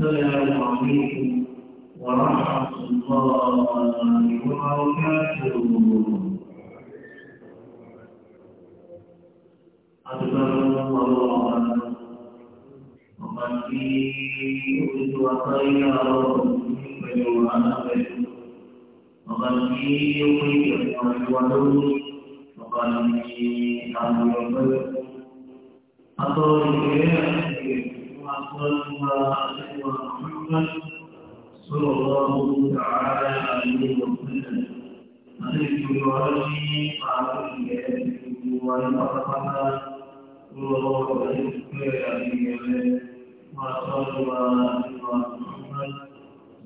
السلام عليكم ورحمة الله وبركاته أكبر الله ومن في أرد وخير فجوانا ومن في أرد وخير وقال لي أبو بكر أطول إليه وأصلنا عليه محمد صلى الله تعالى عليه وسلم عليكم ورحمة الله وبركاته صلى الله عليه وسلم وأصلنا عليه محمد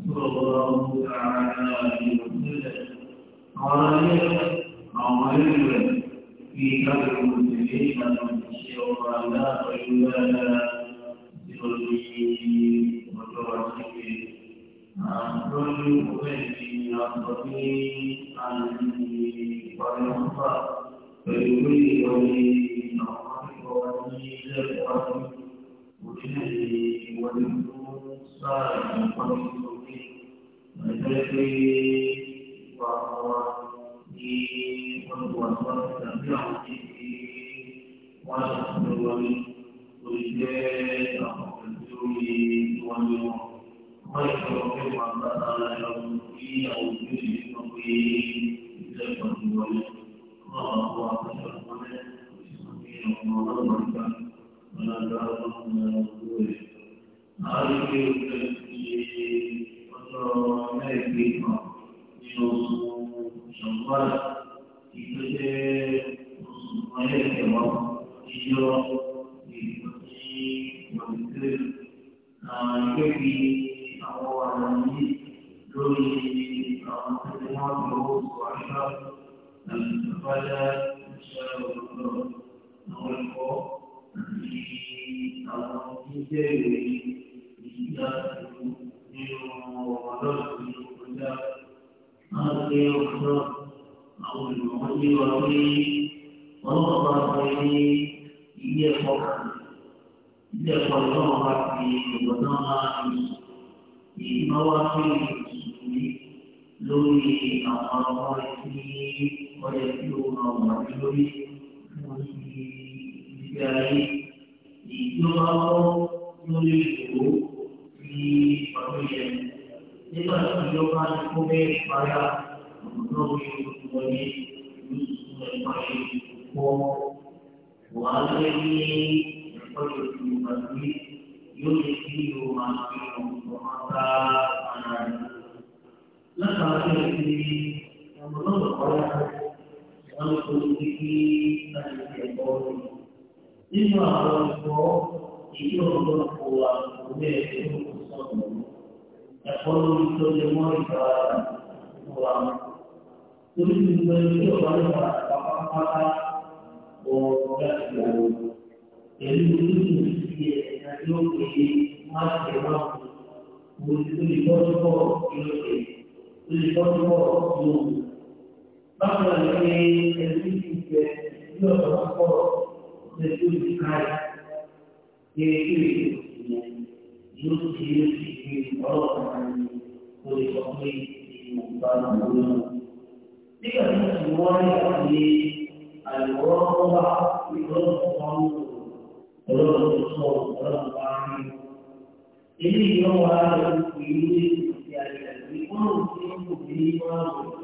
صلى الله تعالى عليه وسلم قال عمرنا في كبر المسلمين من شر الله وإلا nítorí ọjọ́ ṣíṣe àtúntò ìwé ní àtọ́ ní àyè ìparí ọ̀pá pẹ̀lú ìrọ̀lẹ́ àwọn akẹ́kọ̀ọ́ ní ilé ẹ̀kọ́ orílẹ̀-èdè ìwọlé tó sáà ìpamọ́ ìsọ̀rí ẹgbẹ́ pé wà wá ní ọdún àgbà tàbí àwọn ìdí wọn àti ìwọlé lórí ìwọ́n nínú wọ́n lè sọ pé wọ́n bá ara lọ sí àwùjọ ìlú sọ pé ìṣẹ́ ìtọ́jú wọlé wọ́n bá wọ́n àtọ́jọ́ wọlé òṣìṣẹ́ ọmọ ọlọ́run gbà wọ́n lọ bá ọlọ́run lọ kúrò rẹ̀. àwọn ìwé òṣèlú ti ọjọ́ mẹ́rin kan nínú oṣù ṣọ̀gbọ́n ìtọ́jẹ́ oṣù mọ́lẹ́kẹ̀wọ́ ìjọ ìgbọ̀nsẹ̀ ìgbọ̀nsẹ̀ lórí àwọn ọ̀rọ̀ yìí lórí àwọn tí wọ́n ti owó sọ aṣọ àti ìfọ̀fọ́lá iṣẹ́ òwúrọ̀ àwọn ẹ̀kọ́ àti àwọn jíjẹ́ ìròyìn ìyá ìlú nínú ọ̀rọ̀ ìlú kọjá. Máa ṣe ọ̀ṣọ́ àwọn olùmọ̀ọ́jú wa pé ọlọ́pàá wọlé ilé ẹ̀kọ́ kan ilé ẹ̀kọ́ ni wọ́n fi ìgbọ̀n náà máa ń lò èyí máa wá lórí àwọn ọmọ tí ọyẹ tí ó máa wà ní lórí fún ìgbé ayé èyí tó lórí ìṣòro ti ọdún yẹn nígbà tí ó ti kó bẹ́ẹ̀ ìpayà ọ̀dọ́ mi wọlé ní ìṣúná ìpayà ìṣòro wọ́n lé ní. ويطيع فيه يطيع ما فيه وعطى عنه لقد في رمضان القرآن ونقول به أن يقول إما أردت يجب أن هو ويجب أن يقول لكل مرة هو تريد أن يقول لك فقط وقت pẹ̀lú olóòtú ti ẹ̀ka yóò pè é Mo ti tó lè tó bọ̀ yóò Tó lè tó bọ̀ yóò wù. Báwo ni pé ẹbí ti jẹ ní ọ̀dọ̀ wọn pọ̀ ṣe tó ti káyà? Ṣé kí lè tó ti yẹ? Yóò ti yóò ti gbé ọ̀rọ̀ kan ní o pé ìmọ̀ bá lọ lọ́wọ́. Nígbà tí mo ti wọ́n ní àlùwọ́ wà ìrọ̀lù kan ọlọ́run tó sọ ọlọ́run wá rí i. Èyí yọ wá lọ sí ilé ìsìnkú ayé àti ọ̀run tí ó kò ní máa wọ̀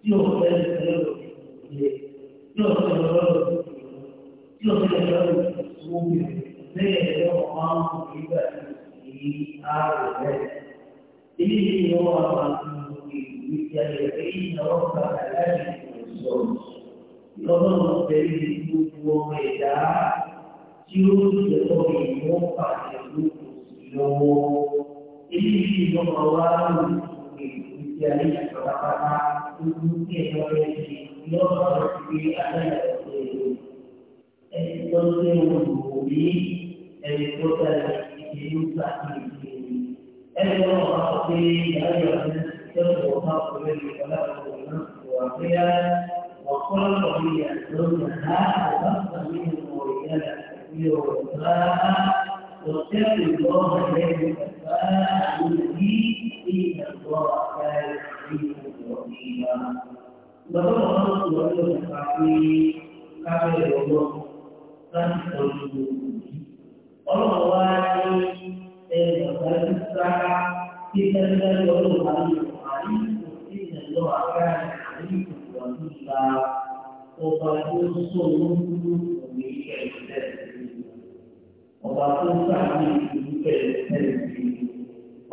tí ó fẹ́ lọ́rọ̀ tó kù yẹ tí ó fẹ́ lọ́rọ̀ tó kù yẹ tí ó fẹ́ lọ́rọ̀ tó kù yẹ bẹ́ẹ̀ lọ́wọ́ máa ń kú nígbà gbogbo ọmọ ẹ̀dá tí ó yẹ kó ìwọ́n pàṣẹ lóko sí lọ́wọ́. Eléyìí ló máa wá lórí ìgbésí ayé ìjọba pátá lójú tí ẹ̀rọ rẹ̀ ṣe lọ́wọ́ rẹ̀ pé aláìsàn ṣe èrò. Ẹni tó ń ṣe olùkọ́ ní ẹni tó dára ìdí ló gbà sí ìdí èyí. Ẹni tó ń wá sọ pé ìyá yọ̀ ní ìjọba ọ̀gá ọ̀rẹ́ ìjọba ọ̀gá ọ̀gá ọ̀gá وخلق من الزوجها وبث منهما رجالا Kita tidak boleh mengalami kesalahan, kita tidak boleh akan mengalami kesalahan. Apabila sungguh mengikat ọba tó ń sàmì ìlú bẹ̀rẹ̀ tẹ̀lé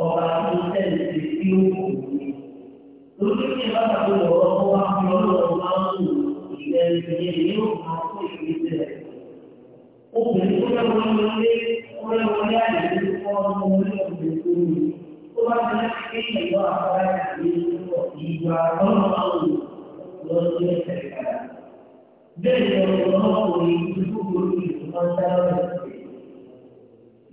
ọba tó tẹ̀lé tí ó kù ní. lórí ní bàbá tó lọ ọkọ wa fi ọlọ́run máa ń lò ìlẹ̀ ìyẹn ní ó máa ìgbésẹ̀ obìnrin tó lẹ́wọ́ lórí ọlẹ́ wọlé àyè tó kọ́ ọmọ orí ọ̀gbìn tó ní. tó bá ti lẹ́ pé ìwọ àfárá ìgbà ọlọ́run máa ń lò lọ́sọ̀rọ̀ bẹ́ẹ̀ ni ọ̀rọ̀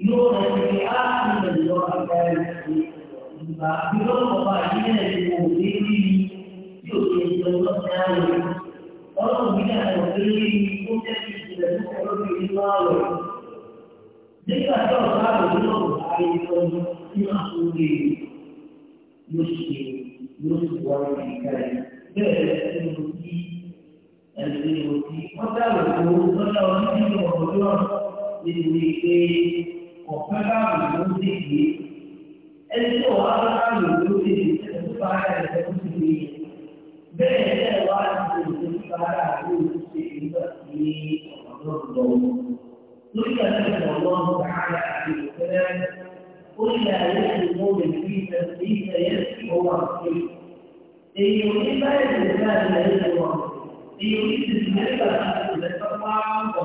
yuwa ne a cikin yawa a kayan su ba a fi yawan kuma a cikin da ke kuma zai yi yau ke da wasu tsari wasu gina da wasu yi ko ta ke da duka wasu yi mawa duk da kawo tsari yawa a yi kawo su na su ne yusu ne yusu kuwa ne ke kare ne da ya ce mu ki ẹsẹ̀ ìròkì wọ́n dáwọ̀ tó wọ́n dáwọ̀ nínú ìwọ̀n tó wà nínú ìgbé yìí. ọ̀kan láàrú ló ti di ẹni tó wà láàrú ló ti di ẹni tó bá rẹ̀ ló ti di bẹ́ẹ̀ bẹ́ẹ̀ wá ní ìlú tó bá rà ló ti di nígbà tí ọ̀nà lọ. lórí àtẹ̀wọ̀ ọlọ́run tààrà àti ìfẹ́ قل لا يجد مؤمن في تسليم يسري هو مسلم. إن يريد الله لا يجد مؤمن. إن يريد الملك فلا تطمع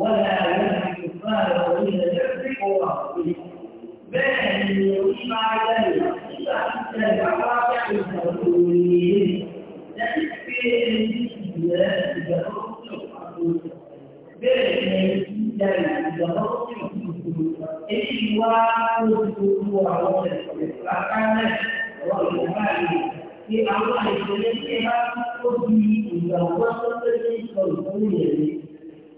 ولا يجد Allah itu yang sehat, kau di dalam wasa terjadi kalau kau yang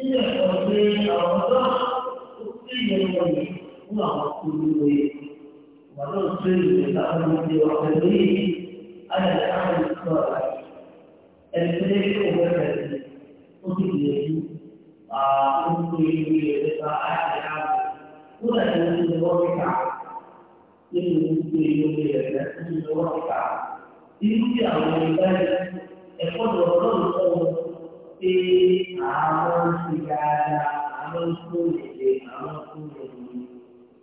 nílẹ̀ àwọn ọ̀dọ́ tó kí fún àwọn olùwé 都是家家，都是你的，都是你的。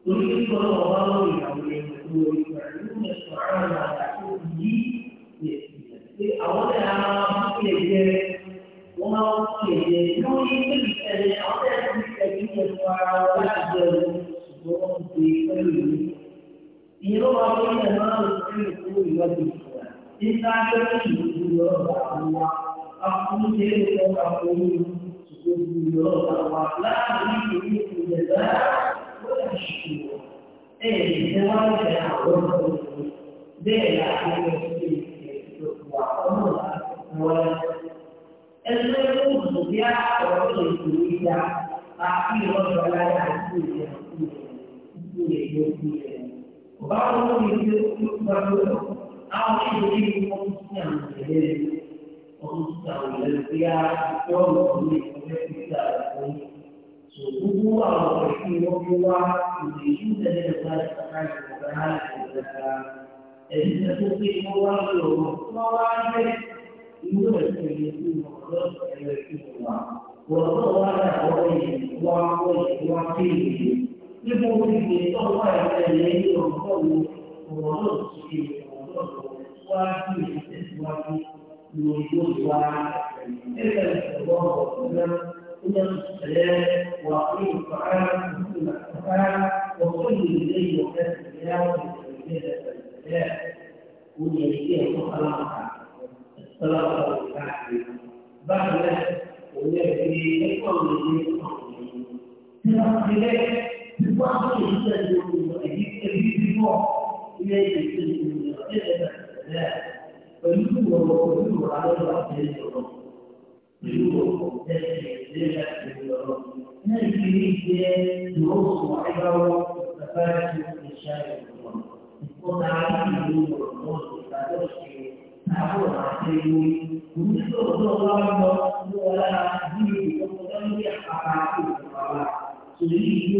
你和我永远不分，分不开。你，你，你熬得了这些，我熬得了这些。如今这个年代，熬得了这些，我熬得了这些。生活是不容易，一路走来，我们风雨和泥沙，今生幸福和平安。他今天给我发微信，说你老打电话，你你你你咋？我也是我，哎，你他妈的咋回事？你那个那个那个就是我父母，我我，哎，这个父子一家，我父亲一家，啊，你和我大家还是一个，一个，一个爹，一个爹。我把我东西都都都都都，然后我弟弟跟我商量说。وخصوصا للزيارة يوم الخميس والسبت وهو الرحيم وهو يريد لله سبحانه وتعالى الزكاة إن تطيع الله وصواعد يوسف يكون مخلص يكون الله وصواعد عليه وعقله وعقله لمؤمن الله عليه وقوله ومخلص وعقله وعقله لوجود واحد إلا الله وسلم من الصلاة وأقيم الطعام وكل الطعام وكل الليل وكل الصيام والسجدة والصلاة ويجيه خلقها الصلاة والسلام بعد ويجري الأمر الذي ترى خلاف بعض الإنسان يقول أجيب كبير في بعض إلى أن يكون من الصلاة فيكون الله lọ́dọ̀ ọ̀sẹ̀ sọ̀rọ̀ pẹ̀lú ọ̀sẹ̀ ìdílé láti sọ̀rọ̀ náà ìdílé jẹ́ ìwọ̀sùn àìbáwọ̀ bàbá àti ìṣá ìwọ̀n ìfọ̀nà àìlú ọ̀rọ̀ ìdájọ́ ṣe àwọn àti ewu onídọ̀ ọ̀dọ́ wa lọ ní ọ̀la bí ọ̀dọ́ ní àpapọ̀ àti ìwọ̀n wa tòlí ìlú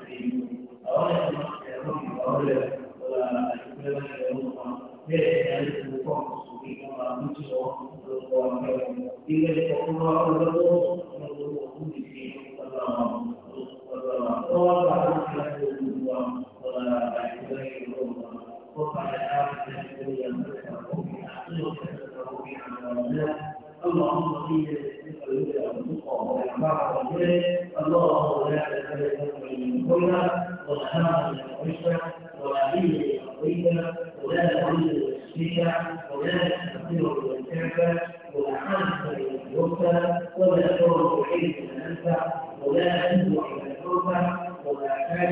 اللهم صل اللهم لا اله الا انت ولا حول ولا قوه الا بالله